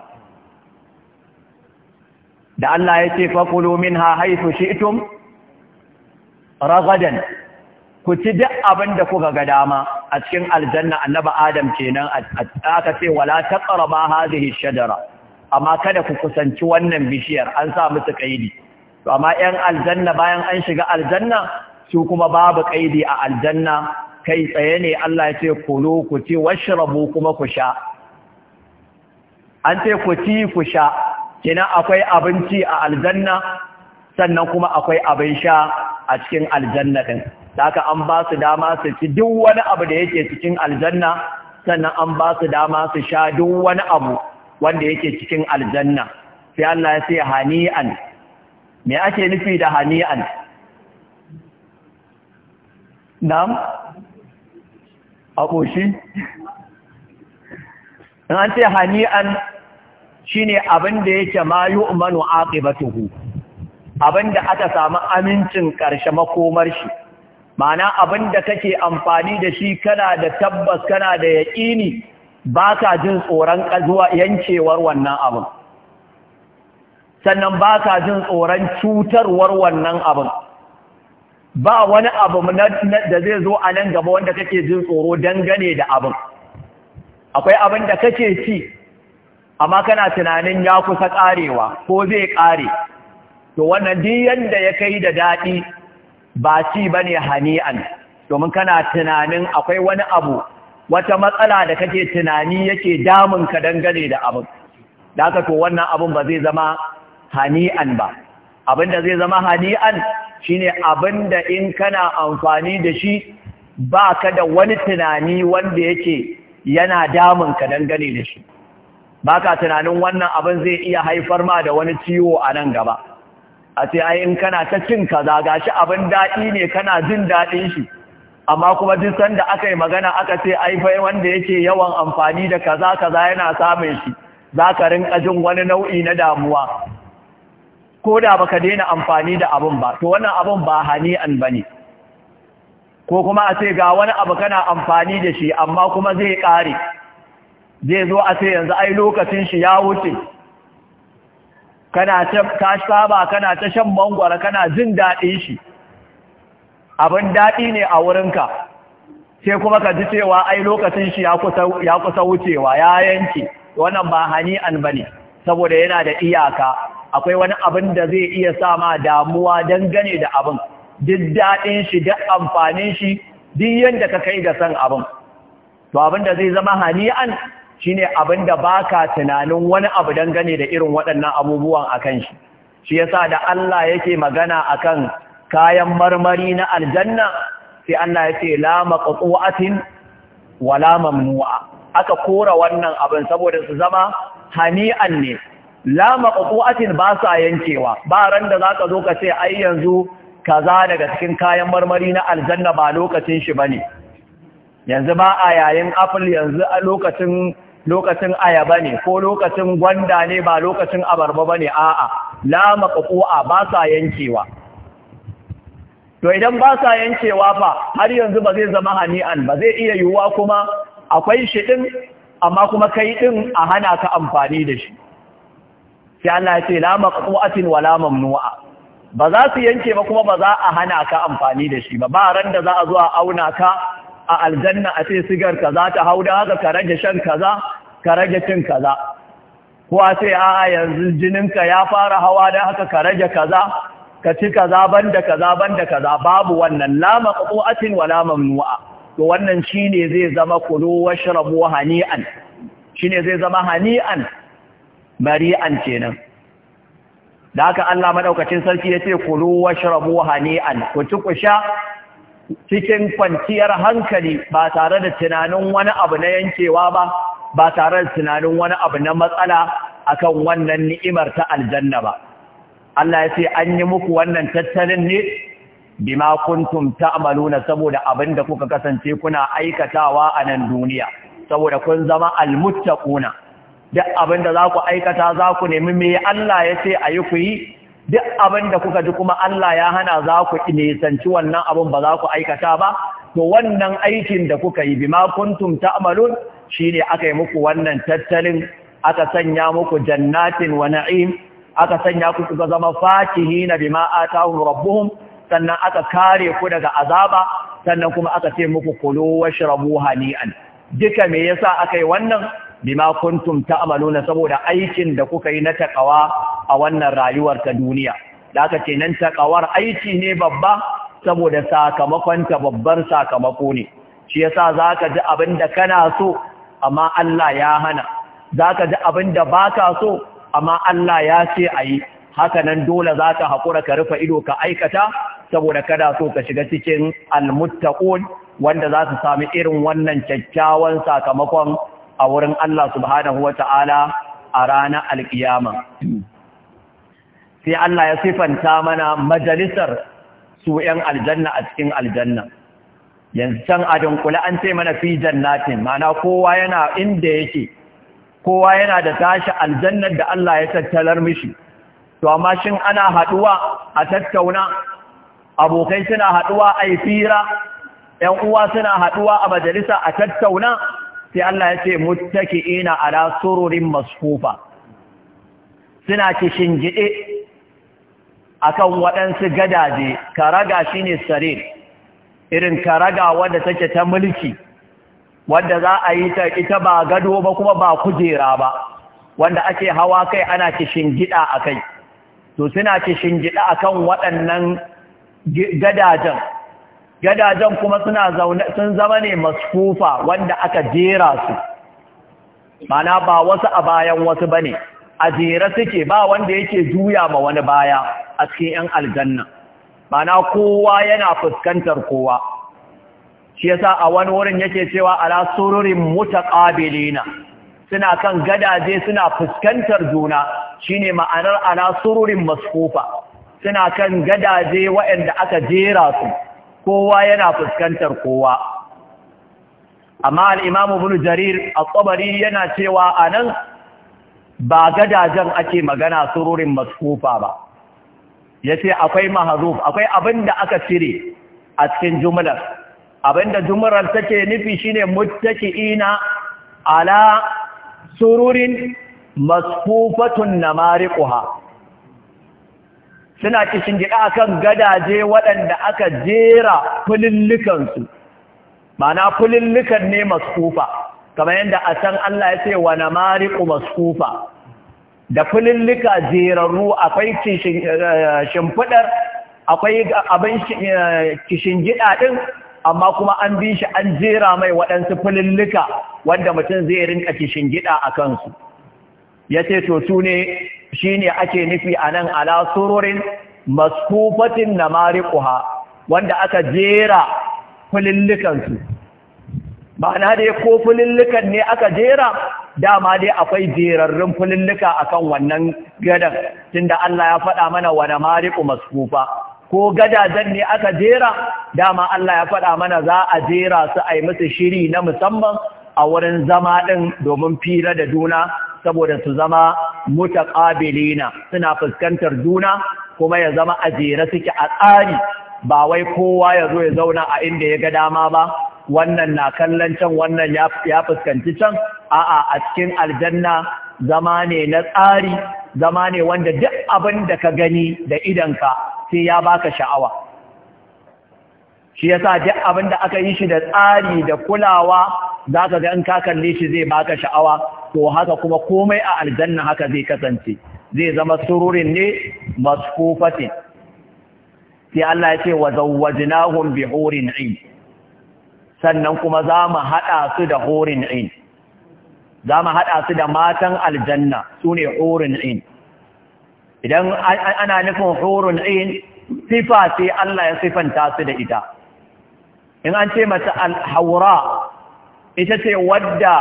da Allah ya ce faƙulu min ha haifu shi'tum ragadan ku ci duk abin da kuka ga dama a cikin aljanna annaba adam kenan aka ce wala taqraba hadhihi shajara amma kada ku kusanci wannan bishiyar an sa musu kaidi to amma 'yan aljanna bayan an shiga aljanna su kuma babu kaidi a aljanna kai tsaye ne Allah ya ce kulu ku ci washrabu kuma ku sha an ce ku ci ku sha kina akwai abinci a aljanna sannan kuma akwai abin sha a cikin aljanna din haka an ba su dama su ci duk wani abu da yake cikin aljanna sannan an ba su dama su sha duk wani abu wanda yake cikin aljanna sai Allah ya ce hani'an me ake nufi da hani'an nam a koshi an ce hani'an shine abin da yake ma yu'manu aqibatuhu abin da aka samu amincin ƙarshe makomar shi ma'ana abin da kake amfani da shi kana da tabbas kana da yaƙini ba ka jin tsoron yankewar wannan abin sannan ba ka jin tsoron cutarwar wannan abin ba wani abu da zai zo a nan gaba wanda kake jin tsoro dangane da abin akwai abin da kake ci amma kana tunanin ya kusa ƙarewa ko zai ƙare to wannan duk yanda ya kai da daɗi ba ci ne hani'an domin kana tunanin akwai wani abu wata matsala da kake tunani yake damun ka dangane da abin da aka to wannan abin ba zai zama hani'an ba abin da zai zama hani'an shine abin da in kana amfani da shi ba ka da wani tunani wanda yake yana damun ka dangane da shi ba ka tunanin wannan abin zai iya haifar ma da wani ciwo a nan gaba a ce ai in kana ta cin kaza gashi abin daɗi ne kana jin daɗin shi amma kuma duk sanda aka yi magana aka ce aifai wanda yake yawan amfani da kaza kaza yana samun shi za ka rinka jin wani nau'i na damuwa ko da baka daina amfani da abin ba to wannan abin ba hani'an bane ko kuma a ce ga wani abu kana amfani da shi amma kuma zai kare zai zo a ce yanzu ai lokacin shi ya wuce kana ta saba kana ta shan mangwara kana jin daɗin shi abin daɗi ne a wurinka sai kuma ka ji cewa ai lokacin shi ya kusa wucewa ya yanke wannan ba hani'an ba ne saboda yana da iyaka akwai wani abin da zai iya sa ma damuwa dangane da abin duk daɗin shi duk amfanin shi duk yadda ka kai da san abin to abin da zai zama hani'an ne abin da baka tunanin wani abu dangane da irin waɗannan abubuwan a kan shi shi ya sa da Allah yake magana a kan. kayan marmari na aljanna sai Allah ya ce la maqtu'atin wala mamnu'a aka kora wannan abin saboda su zama hani'an ne la maqtu'atin ba sa yankewa ba ran da zaka zo ka ce ai yanzu kaza daga cikin kayan marmari na aljanna ba lokacin shi bane yanzu ba a yayin apple yanzu a lokacin lokacin ayaba ne ko lokacin gwanda ne ba lokacin abarba bane a'a la maqtu'a ba sa yankewa to idan ba sa yankewa fa har yanzu ba zai zama hani'an ba zai iya yiwuwa kuma akwai shi din amma kuma kai din a hana ka amfani da shi sai Allah ya ce la maqtu'atin wala mamnu'a ba za su yanke ba kuma ba za a hana ka amfani da shi ba ba ran da za a zo a auna ka a aljanna a ce sigar kaza ta hauda haka ka rage shan kaza ka rage cin kaza ko a ce a'a yanzu jininka ya fara hawa da haka ka rage kaza ka ci kaza banda kaza banda kaza babu wannan la maqtu'atin wala mamnu'a to wannan shine zai zama kulu washrabu hani'an shine zai zama hani'an bari'an kenan da haka Allah madaukakin sarki yace kulu washrabu hani'an ku ci ku sha cikin kwanciyar hankali ba tare da tunanin wani abu na yankewa ba ba tare da tunanin wani abu na matsala akan wannan ni'imar ta aljanna ba Allah ya ce an yi muku wannan tattalin ne bima kuntum ta'maluna saboda abinda kuka kasance kuna aikatawa a nan duniya saboda kun zama almuttaquna duk abinda za ku aikata za ku nemi me Allah ya ce ayi ku yi duk abinda kuka ji kuma Allah ya hana za ku nisanci wannan abin ba za ku aikata ba to wannan aikin da kuka yi bima kuntum ta'malun shine aka yi muku wannan tattalin aka sanya muku jannatin wa na'im aka sanya ku kuka zama fakihina bima atahum rabbuhum sannan aka kare ku daga azaba sannan kuma aka ce muku kulu washrabu hani'an duka me yasa aka yi wannan bima kuntum ta'maluna saboda aikin da kuka yi na takawa a wannan rayuwar ta duniya da aka ce nan takawar aiki ne babba saboda sakamakon ta babbar sakamako ne shi yasa zaka ji abin da kana so amma Allah ya hana zaka ji abin da baka so amma Allah ya ce a yi haka nan dole za ka haƙura ka rufe ido ka aikata saboda kada so ka shiga cikin almuttaqun wanda za su sami irin wannan kyakkyawan sakamakon a wurin Allah subhanahu wata'ala a ranar alƙiyama. sai Allah ya sifanta mana majalisar su ‘yan aljanna a cikin aljanna yanzu can adin kula an ce mana fi jannatin mana kowa yana inda yake kowa yana da tashi aljannar da Allah ya tattalar mishi to amma shin ana haduwa a tattauna abokai suna haduwa a fira ƴan uwa suna haɗuwa a majalisa a tattauna sai Allah ya ce muttaki'ina ala sururin masfufa suna kishingide akan waɗansu gadaje karaga shine sarir irin karaga wanda take ta mulki wanda za a yi ta ita ba gado ba kuma ba kujera ba wanda ake hawa kai ana gida a kai to suna gida a kan waɗannan gadajen gadajen kuma suna sun zama ne masfufa wanda aka jera su mana ba wasu a bayan wasu ba ne a jera suke ba wanda yake juya ma wani baya a cikin 'yan aljanna mana kowa yana fuskantar kowa shi yasa a wani wurin yake cewa ala sururin mutaqabilina suna kan gadaje suna fuskantar juna shine ma'anar ala sururin masfufa suna kan gadaje waɗanda aka jera su kowa yana fuskantar kowa amma al imamu Ibn Jarir al tabari yana cewa anan ba gadajen ake magana sururin masfufa ba yace akwai mahzuf akwai abinda aka cire a cikin jumlar abinda jumrar take nufi shine muttaki'ina ala sururin masfufatun namariquha suna cikin gida akan gadaje waɗanda aka jera su mana fulillukan ne masfufa kamar yadda a san Allah ya ce wa namariqu masfufa da fulillika jerarru akwai eh, shimfidar akwai abin eh, kishin gida din amma kuma an bi shi an jera mai waɗansu fulillika wanda mutum zai rinka kishin gida a kansu ya ce to su ne shi ne ake nufi a nan ala sururin maskufatin na wanda aka jera fulillikansu ma'ana dai ko fulillikan ne aka jera dama dai akwai jerarrun fulillika akan wannan gadan tunda Allah ya faɗa mana wa na mariku maskufa ko gadajen ne aka jera dama Allah ya faɗa mana za a jera su a yi musu shiri na musamman a wurin zama ɗin domin fira da juna saboda su zama ƙabilina suna fuskantar juna kuma ya zama a jera suke a tsari ba wai kowa ya zo ya zauna a inda ya ga dama ba wannan na kallon can wannan ya fuskanci can a'a a cikin aljanna zama ne na tsari zama ne wanda duk abin da ka gani da idanka sai ya baka sha'awa shi yasa duk abin da aka yi shi da tsari da kulawa za ka ga in ka kalle shi zai baka sha'awa to haka kuma komai a aljanna haka zai kasance zai zama sururin ne maskufatin sai Allah ya ce wa zawwajnahum bi hurin ain sannan kuma za mu haɗa su da hurin ain za mu haɗa su da matan aljanna su ne hurin in idan ana nufin hurin in sifa sai Allah ya sifanta su da ita in an ce mata alhaura ita ce wadda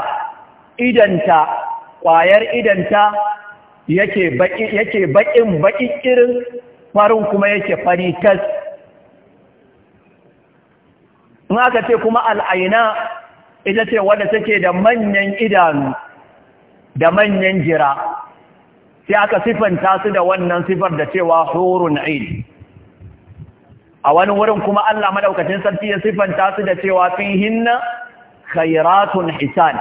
idanta ƙwayar idanta yake baƙin baƙin irin farin kuma yake fari tas in aka ce kuma al'aina ita ce wadda take da manyan idanu da manyan jira sai aka sifanta su da wannan sifar da cewa hurun ain a wani wurin kuma Allah madaukakin sarki ya sifanta su da cewa fihinna khairatun hisan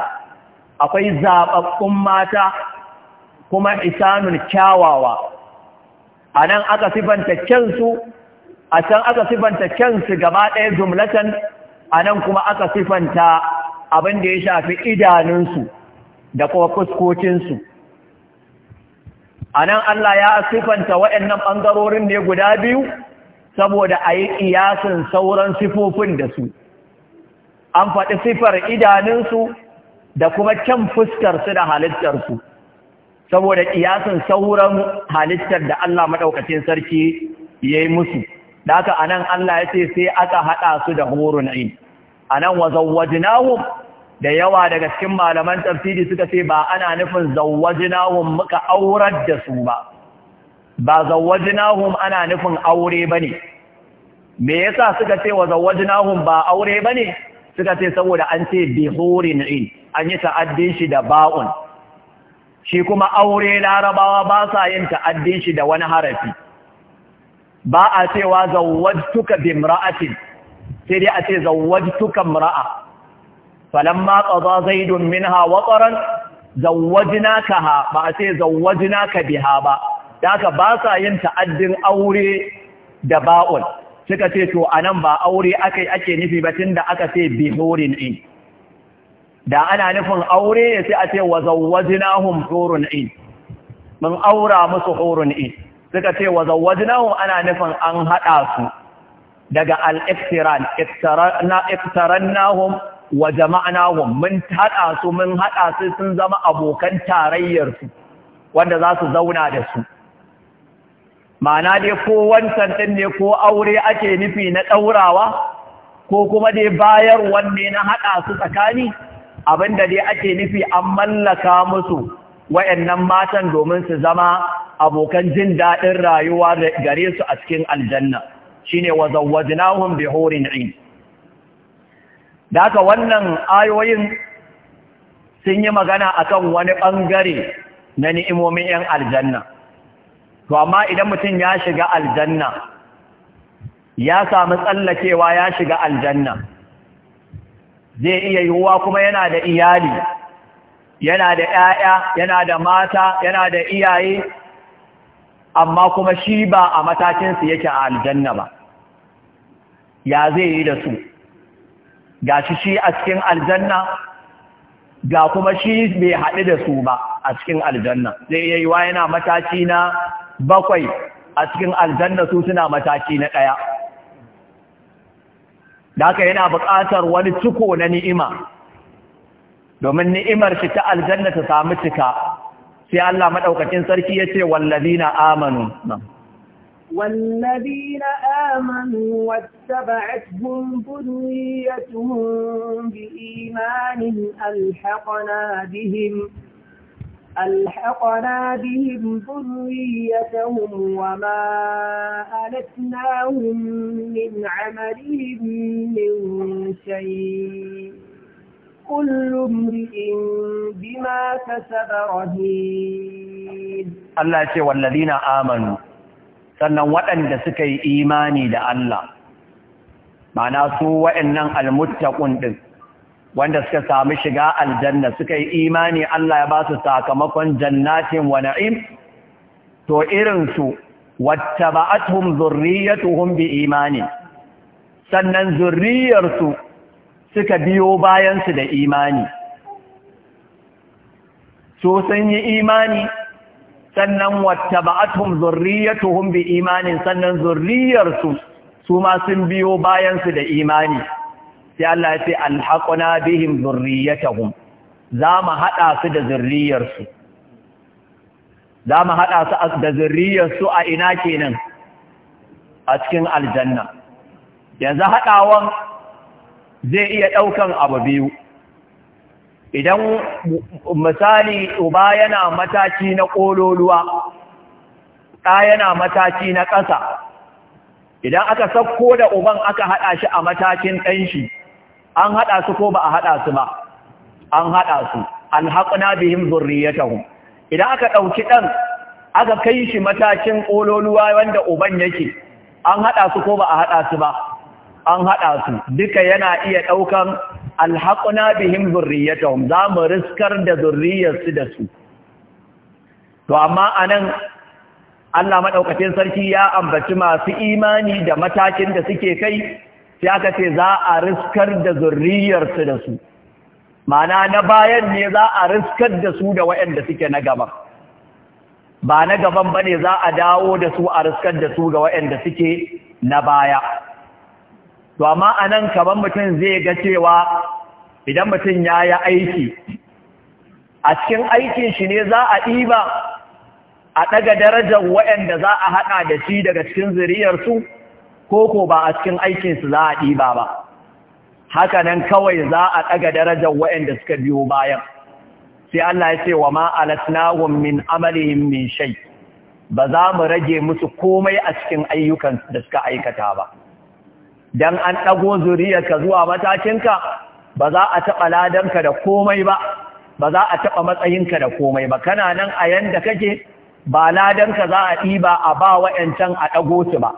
akwai zababbun mata kuma isanun kyawawa anan aka sifanta kyansu a can aka sifanta kyansu gaba ɗaya jumlatan anan kuma aka sifanta abin da ya shafi idanunsu da kuma fuskocinsu a nan Allah ya sifanta waɗannan ɓangarorin ne guda biyu saboda a yi ƙiyasin sauran sifofin da su an faɗi sifar idanunsu da kuma can fuskarsu da halittarsu saboda ƙiyasin sauran halittar da Allah maɗaukacin sarki ya yi musu daka anan a nan Allah ya ce sai aka haɗa su da horon ainihi a nan wazan wajinahun da yawa daga cikin malaman tafsiri suka ce ba ana nufin zawajinahum muka aurar da su ba ba zawajinahum ana nufin aure bane me yasa suka ce wa zawajinahum ba aure bane suka ce saboda an ce bihurin in an yi ta'addin shi da ba'un shi kuma aure larabawa ba sa yin ta'addin shi da wani harafi ba a cewa zawajtuka bimra'atin sai dai a ce zawajtuka imra'a falamma qada zaidun minha wataran zawwajnakaha ba sai zawwajnaka biha ba daka ba sa yin ta'addin aure da ba'ul suka ce to anan ba aure akai ake nufi ba tunda aka ce bihurin in da ana nufin aure ya sai a ce wa zawwajnahum hurun in mun aura musu hurun in suka ce wa zawwajnahum ana nufin an hada su daga al-iftiran iftarannahum wa jama'anahum mun haɗa su mun haɗa su sun zama abokan tarayyar su wanda za su zauna da su ma'ana dai ko wancan ɗin ne ko aure ake nufi na ɗaurawa ko kuma dai bayar wanne na haɗa su tsakani abinda dai ake nufi an mallaka musu wayannan matan domin su zama abokan jin daɗin rayuwa gare su a cikin aljanna shine wa zawwajnahum bi hurin 'ain da haka wannan ayoyin sun yi magana a kan wani ɓangare na ni'imomin 'yan aljanna to amma idan mutum ya shiga aljanna ya sami tsallakewa ya shiga aljanna zai iya yiwuwa kuma yana da iyali yana da 'ya'ya yana da mata yana da iyaye amma kuma shi ba a matakinsu yake a aljanna ba ya zai yi da su ga shi shi a cikin aljanna ga kuma shi bai haɗu da su ba a cikin aljanna zai iya yi wa yana mataki na bakwai a cikin aljanna su suna mataki na ɗaya da aka yana buƙatar wani ciko na ni'ima domin ni'imar shi ta aljanna ta samu cika sai Allah maɗaukacin sarki ya ce wallazina amanu والذين آمنوا واتبعتهم ذريتهم بإيمان ألحقنا بهم ألحقنا بهم ذريتهم وما ألتناهم من عملهم من شيء كل امرئ بما كسب رهين الله يقول والذين آمنوا sannan waɗanda suka yi imani da Allah ma'ana su waɗannan almuttaqun din wanda suka samu shiga aljanna suka yi imani Allah ya ba su sakamakon jannatin wa na'im to irin su wattaba'atuhum zurriyatuhum bi imani sannan zurriyar suka biyo bayan su da imani so sun yi imani sannan wattaba'atuhum zurriyatuhum bi imanin sannan zurriyarsu su ma sun biyo bayan su da imani sai Allah ya ce alhaqna bihim zurriyatuhum za hada su da zurriyarsu za mu hada su da zurriyarsu a ina kenan a cikin aljanna yanzu hadawan zai iya daukan abu biyu idan misali uba yana mataki na ƙololuwa ɗa yana mataki na ƙasa idan aka sakko da uban aka haɗa shi a matakin ɗan shi, an haɗa su ko ba a haɗa su ba an haɗa su alhaƙuna bihim zurriyatahu idan aka ɗauki ɗan aka kai shi matakin ƙololuwa wanda uban yake an haɗa su ko ba a haɗa su ba an haɗa su duka yana iya ɗaukan alhaƙuna bihim zurriyatahum za mu riskar da zurriyarsu da su to amma anan Allah madaukakin sarki ya ambaci masu imani da matakin da suke kai sai aka ce za a riskar da zurriyarsu da su mana na bayan ne za a riskar da su da waɗanda suke na gaba. ba na gaban bane za a dawo da su a riskar da su ga waɗanda suke na baya to amma a nan kaban mutum zai ga cewa idan mutum ya yi aiki a cikin aikin shi ne za a ɗiba a ɗaga darajar waɗanda za a haɗa da shi daga cikin zuriyarsu ko ko ba a cikin aikinsu za a ɗiba ba haka nan kawai za a ɗaga darajar waɗanda suka biyo bayan sai Allah ya ce wa ma alasnahum min amalihim min shay ba za mu rage musu komai a cikin ayyukan da suka aikata ba dan an dago zuriyarka zuwa matakinka ba za a taba ladanka da komai ba ba za a taba matsayinka da komai ba kana nan a yanda kake ba ladanka za a ɗiba a ba wa'yancan a ɗago su ba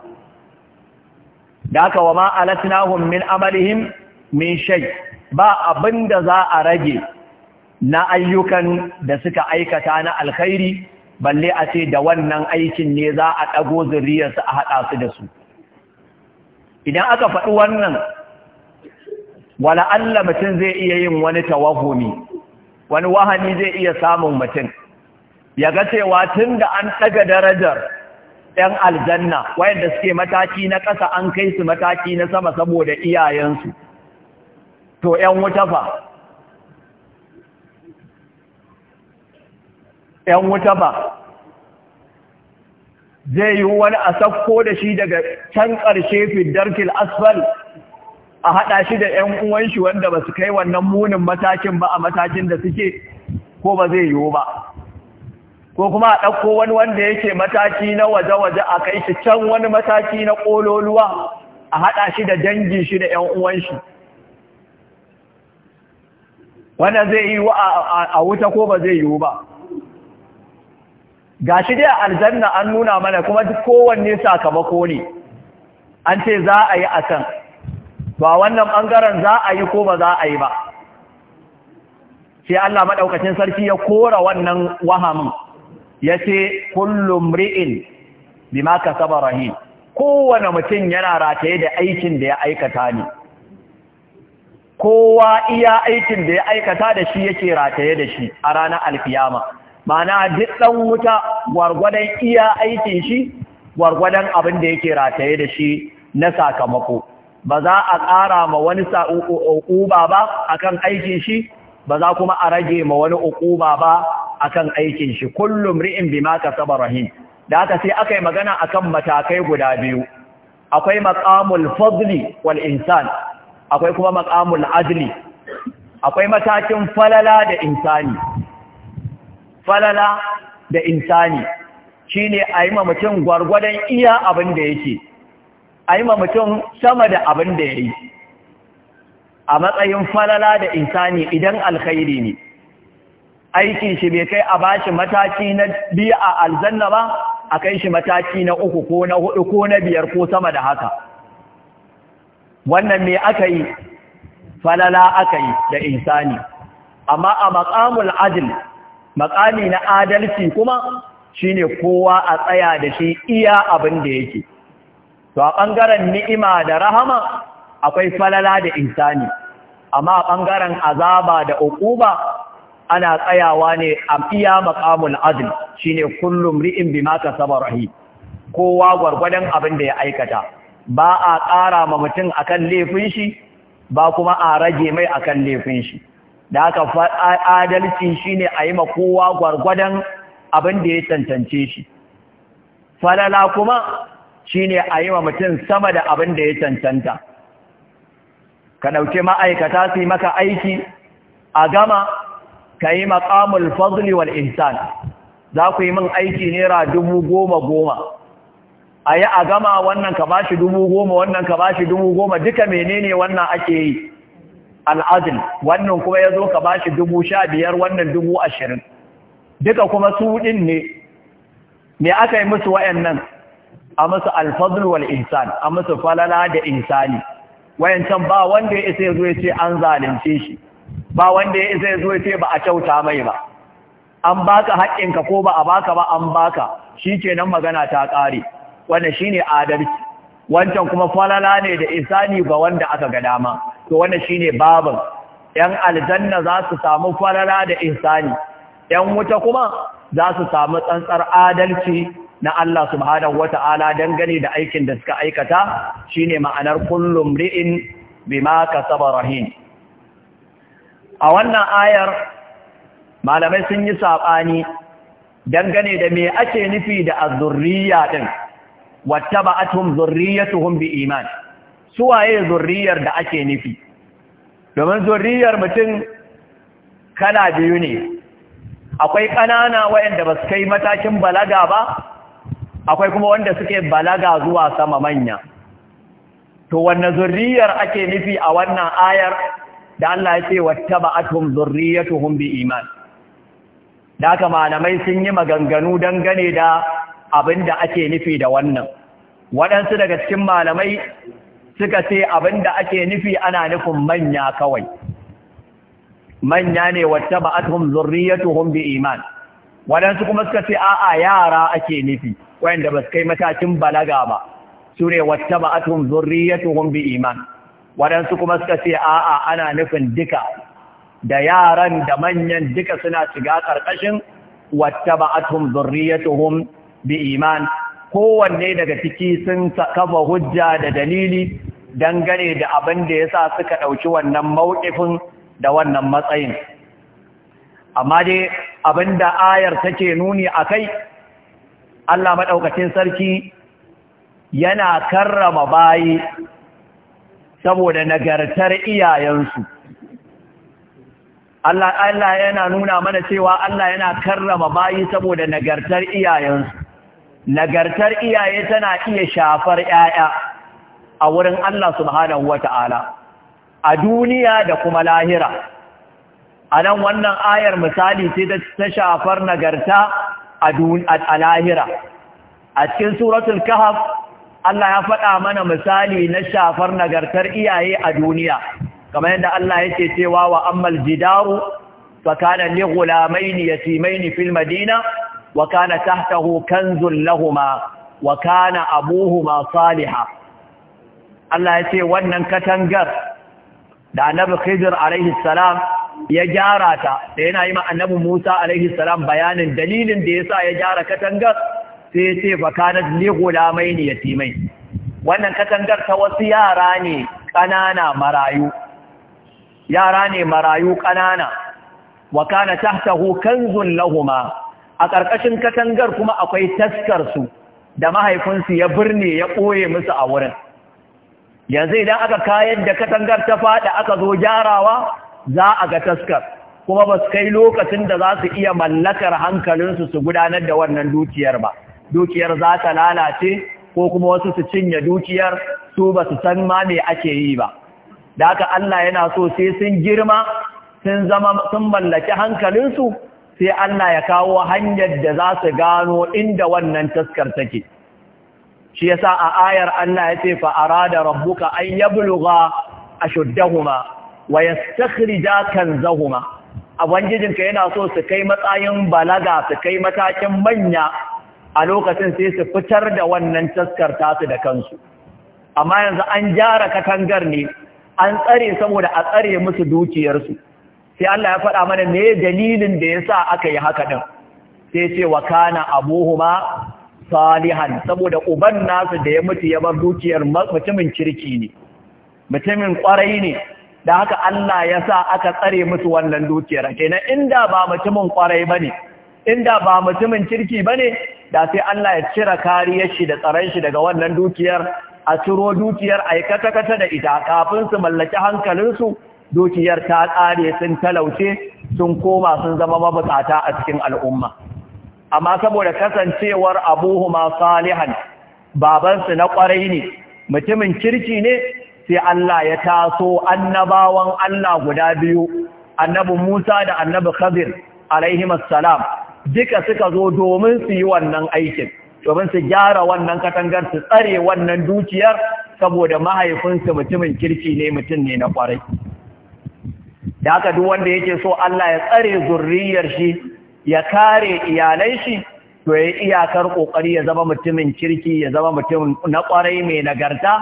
da aka wa alatnahum min amalihim min shai ba abinda za a rage na ayyukan da suka aikata na alkhairi balle a ce da wannan aikin ne za a ɗago zuriyarsa a haɗa su da su idan aka faɗi wannan wala Allah mutum zai iya yin wani tawahumi wani wahani zai iya samun mutum ya ga cewa tun da an ɗaga darajar ‘yan aljanna wayanda suke mataki na ƙasa an kai su mataki na sama saboda iyayensu to ‘yan wuta fa ‘yan wuta fa zai yi wani a sakko da shi daga can ƙarshe fiddarkil asfal a haɗa shi da ‘yan uwanshi wanda ba su kai wannan munin matakin ba a matakin da suke ko ba zai yiwu ba ko kuma a ɗauko wani wanda yake mataki na waje-waje a kai shi can wani mataki na ƙololuwa a haɗa shi da dangin shi da ‘yan uwanshi wanda zai yiwu a wuta ko ba zai yiwu ba Ga shi dai aljanna an nuna mana kuma duk kowanne sakamako ne an ce za a yi a kan ba wannan ɓangaren za a yi ko ba za a yi ba sai Allah maɗaukacin sarki ya kora wannan wahamin ya ce kullum ri'in bi ma ka saba rahim kowane mutum yana rataye da aikin da ya aikata ne kowa iya aikin da ya aikata da shi yake rataye da shi a ranar alfiyama ma'ana duk ɗan wuta gwargwadon iya aikin shi gwargwadon abin da yake rataye da shi na sakamako ba za a ƙara ma wani uƙuba ba akan aikin shi ba za kuma a rage ma wani uƙuba ba akan aikin shi kullum ri'in ka saba rahim da haka sai aka yi magana kan matakai guda biyu akwai maƙamul fadli wal insan akwai kuma maƙamul adli akwai matakin falala da insani falala da insani shine a yi ma mutum gwargwadon iya abin da yake a yi ma mutum sama da abin da ya yi a matsayin falala da insani idan alkhairi ne aiki shi bai kai a bashi mataki na biyu a aljanna ba a kai shi mataki na uku ko na hudu ko na biyar ko sama da haka wannan me aka yi falala aka yi da insani amma a maqamul adl makami na adalci kuma shine kowa a tsaya da shi iya abin da yake to a ɓangaren ni'ima da rahama akwai falala da insani amma a ɓangaren azaba da uquba ana tsayawa ne a iya maqamul adl shine kullum ri'in bima kasaba rahi kowa gwargwadon abin da ya aikata ba a ƙara ma mutum akan laifin shi ba kuma a rage mai akan laifin shi da haka adalci shi ne a yi ma kowa gwargwadon abin da ya cancance shi falala kuma shi ne a yi wa mutum sama da abin da ya cancanta ka ɗauki ma'aikata su yi maka aiki a gama ka yi maƙamul fazli wal insan za ku yi min aiki nera dubu goma goma a yi a gama wannan ka bashi dubu goma wannan ka bashi dubu goma duka menene wannan ake yi al'adil wannan kuma ya zo ka ba shi dubu sha biyar wannan dubu ashirin duka kuma su ɗin ne me aka yi musu wa'annan a musu alfadul wal insan a musu falala da insani wayancan ba wanda ya isa ya zo ya ce an zalunce shi ba wanda ya isa ya zo ya ce ba a kyauta mai ba an baka haƙƙinka ko ba a baka ba an baka shi nan magana ta ƙare wannan shine adalci wancan kuma falala ne da insani ga wanda aka ga dama to wannan shine babin yan aljanna za su samu farara da insani, yan wuta kuma za su samu tsantsar adalci na Allah subhanahu wata'ala dangane da aikin da suka aikata shine ma'anar kullum ri'in bima kasaba rahin a wannan ayar malamai sun yi saɓani dangane da me ake nufi da azurriya zurriya din wattaba'atuhum zurriyatuhum bi iman suwaye zurriyar da ake nufi domin zurriyar mutum kala biyu ne akwai ƙanana wayanda ba su kai matakin balaga ba akwai kuma wanda suke balaga zuwa sama manya to wanne zurriyar ake nufi a wannan ayar da Allah ya ce wattaba'atuhum zurriyatuhum bi iman da haka malamai sun yi maganganu dangane da abin da ake nufi da wannan waɗansu daga cikin malamai suka ce abin da ake nufi ana nufin manya kawai manya ne wata ba'atuhum zurriyatuhum bi iman wadansu kuma suka ce a'a yara ake nufi wanda ba su kai matakin balaga ba su ne wata ba'atuhum zurriyatuhum bi iman wadansu kuma suka ce a'a ana nufin duka da yaran da manyan duka suna shiga karkashin wata ba'atuhum zurriyatuhum bi iman kowanne daga ciki sun kafa hujja da dalili dangane da abin da ya sa suka ɗauki wannan mawuƙifin da wannan matsayin. Amma dai abin da ayar take nuni a kai, Allah maɗaukacin sarki yana karrama bayi saboda nagartar iyayensu. Allah yana nuna mana cewa Allah yana karrama bayi saboda nagartar iyayensu. Nagartar iyaye tana iya shafar ‘ya'ya. a wurin Allah subhanahu wa ta'ala a duniya da kuma lahira a nan wannan ayar misali ce ta shafar nagarta a lahira a cikin suratul kahaf Allah ya faɗa mana misali na shafar nagartar iyaye a duniya kamar yadda Allah yake cewa wa ammal jidaru tsakanin kana li yatimaini fil madina wa kana tahtahu kanzun lahumā wa kana abūhumā ṣāliḥan Allah ya ce wannan katangar da annabi Khidir alaihi salam ya gyara ta da yana yi ma annabi Musa alaihi salam bayanin dalilin da yasa ya gyara katangar sai ya ce fa kanat li gulamaini yatimai wannan katangar ta wasu yara ne kanana marayu yara ne marayu kanana wa kana tahtahu kanzun lahumma a ƙarƙashin katangar kuma akwai taskar su da mahaifinsu ya birne ya ɓoye musu a wurin yanzu idan aka kayan da katangar ta fada aka zo gyarawa za a ga taskar kuma ba su kai lokacin da za su iya mallakar hankalinsu su gudanar da wannan dukiyar ba dukiyar za ta lalace ko kuma wasu su cinye dukiyar su ba su san ma me ake yi ba da haka Allah yana so sai sun girma sun zama sun mallaki hankalinsu sai Allah ya kawo hanyar da za su gano inda wannan taskar take shi yasa a ayar Allah ya ce fa arada rabbuka an yablugha ashuddahuma wa yastakhrija kanzahuma ka yana so su kai matsayin balaga su kai matakin manya a lokacin sai su fitar da wannan taskar tasu da kansu amma yanzu an gyara katangar ne an tsare saboda a tsare musu dukiyarsu sai Allah ya faɗa mana me dalilin da yasa aka yi haka din sai ce wa kana abuhuma salihan saboda uban nasu da ya mutu ya bar dukiyar mutumin kirki ne mutumin kwarai ne da haka Allah ya sa aka tsare musu wannan dukiyar kenan inda ba mutumin kwarai bane inda ba mutumin kirki bane da sai Allah ya cire kariyar shi da tsaron shi daga wannan dukiyar a ciro dukiyar aikata kata da ita kafin su mallaki hankalinsu dukiyar ta tsare sun talauce sun koma sun zama mabukata a cikin al'umma amma saboda kasancewar abuhuma salihan babansu na kwarai ne mutumin kirki ne sai Allah ya taso annabawan Allah guda biyu annabi Musa da annabi Khadir salam, duka suka zo domin su yi wannan aikin domin su gyara wannan katangar su tsare wannan dukiyar saboda mahaifinsu mutumin kirki ne mutum ne na kwarai da haka duk wanda yake so Allah ya tsare zurriyar shi ya kare iyalai shi to ya iyakar ƙoƙari ya zama mutumin kirki ya zama mutum na kwarai mai nagarta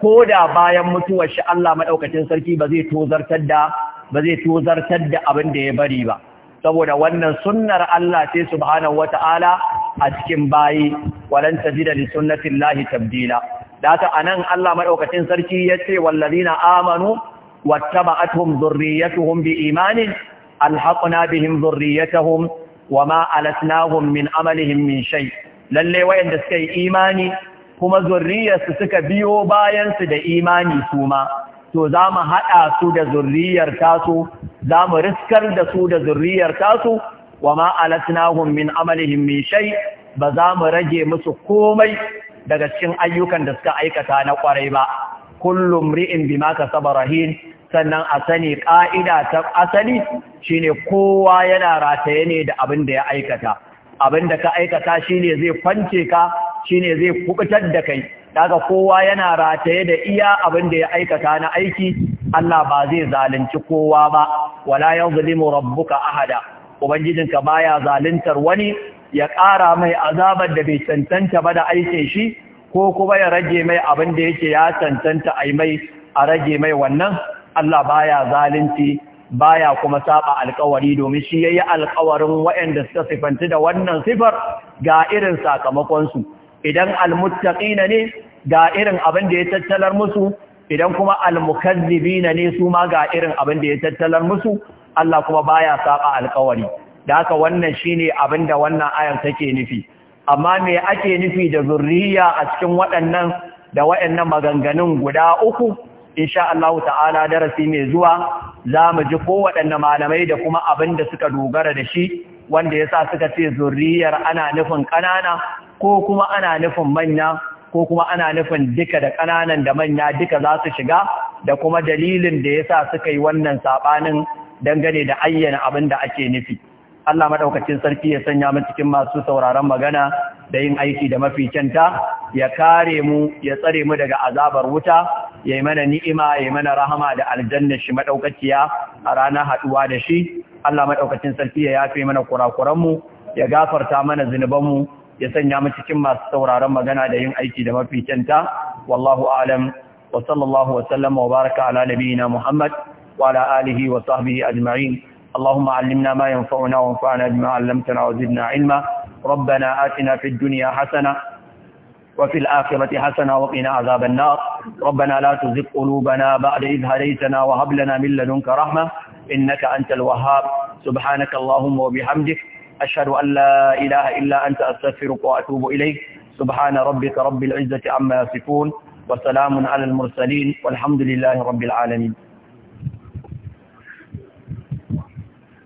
ko da bayan mutuwar shi Allah maɗaukacin sarki ba zai tozartar da ba zai tozartar da abin da ya bari ba saboda wannan sunnar Allah sai subhanahu wata'ala a cikin bayi walan tajida li sunnatillahi tabdila data anan Allah maɗaukacin sarki yace wallazina amanu wattaba'atuhum dhurriyyatuhum biimanin alhaqna bihim dhurriyyatuhum wa ma alatnahum min amalihim min shay lalle wayanda suka yi imani kuma zurriyarsu suka biyo bayan su da imani suma, to za mu haɗa su da zurriyar tasu za mu riskar da su da zurriyar tasu wa ma alatnahum min amalihim min shay ba za mu rage musu komai daga cikin ayyukan da suka aikata na kwarai ba kullum ri'in bima kasaba sannan a sani ƙa'ida ta asali shine kowa yana rataye ne da abin da ya aikata abin da ka aikata shine zai kwance ka shine zai kubutar da kai daga kowa yana rataye da iya abin da ya aikata na aiki Allah ba zai zalunci kowa ba wala yazlimu rabbuka ahada ubangijinka baya zaluntar wani ya ƙara mai azabar da bai cancanta ba da aikin shi ko kuma ya rage mai abin da yake ya cancanta a mai a rage mai wannan Allah baya zalunci baya kuma saba alkawari domin shi yayi alkawarin waɗanda suka sifanci da wannan sifar ga irin sakamakon su idan almuttaqina ne ga irin abin da ya tattalar musu idan kuma almukazzibina ne su ma ga irin abin da ya tattalar musu Allah kuma baya saba alkawari da haka wannan shine abin da wannan ayar take nufi amma me ake nufi da zurriya a cikin waɗannan da waɗannan maganganun guda uku insha Allah ta'ala darasi mai zuwa za mu ji kowaɗanne malamai da kuma abin da suka dogara da shi wanda ya sa suka ce zurriyar ana nufin ƙanana ko kuma ana nufin manya ko kuma ana nufin duka da ƙananan da manya duka za su shiga da kuma dalilin da ya sa suka yi wannan saɓanin dangane da ayyana abin da ake nufi. Allah maɗaukacin sarki ya sanya mu cikin masu sauraron magana da yin aiki da mafi kyanta ya kare mu ya tsare mu daga azabar wuta ya yi mana ni'ima ya yi mana rahama da aljannar shi maɗaukaciya a ranar haɗuwa da shi Allah madaukakin sarki ya yafe mana kurakuranmu ya gafarta mana zunubanmu ya sanya mu cikin masu sauraron magana da yin aiki da mafi kyanta wallahu alam wa sallallahu wa sallama wa baraka ala nabiyina Muhammad wa ala alihi wa sahbihi ajma'in اللهم علمنا wa ينفعنا bima 'allamtana wa zidna 'ilma. Rabbana atina fid dunya حسنه وفي الآخرة حسنة وقنا عذاب النار ربنا لا تزغ قلوبنا بعد إذ هديتنا وهب لنا من لدنك رحمة إنك أنت الوهاب سبحانك اللهم وبحمدك أشهد أن لا إله إلا أنت أستغفرك وأتوب إليك سبحان ربك رب العزة عما يصفون وسلام على المرسلين والحمد لله رب العالمين